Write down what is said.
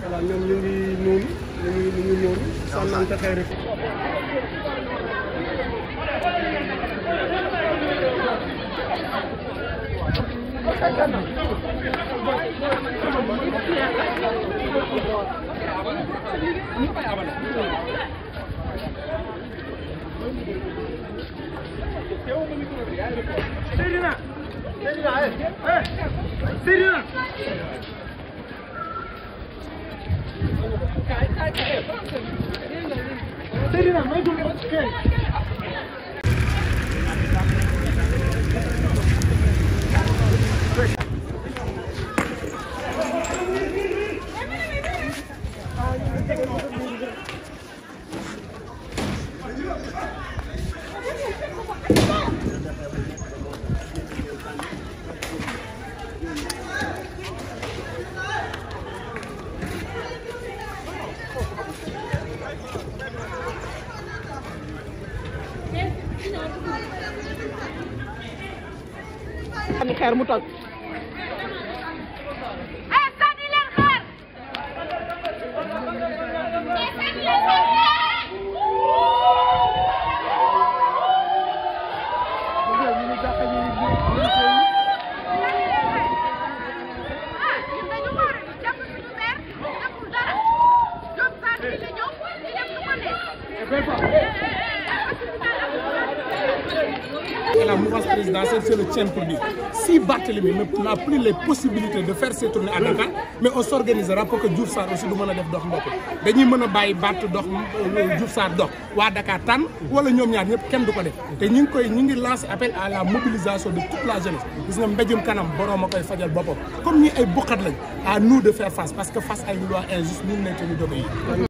voilà ñoom ñu ngi noonu ñu ngi ñu ngi noonu sànnante xeer yi. Thank you. Serena! Serena, allez! Serena! Serena, mais um pouquinho! xeer mu toj la mouvance présidentielle, c'est le pour lui. Si Barthélemy n'a plus les possibilités de faire ses tournées à Dakar, mais on s'organisera pour que Diouf Sarr aussi du mën a def dox mbokk dañuy mën a bàyyi Barth dox euh, Diouf Sarr dox waa Dakar tànn wala ñoom ñaar ñëpp kenn du ko def te ñu ngi koy ñu ngi lancé appel à la mobilisation de toute la jeunesse gis nga mbéjum kanam borom a koy fajal boppam comme ñi ay buqat lañ à nous de faire face parce que face à une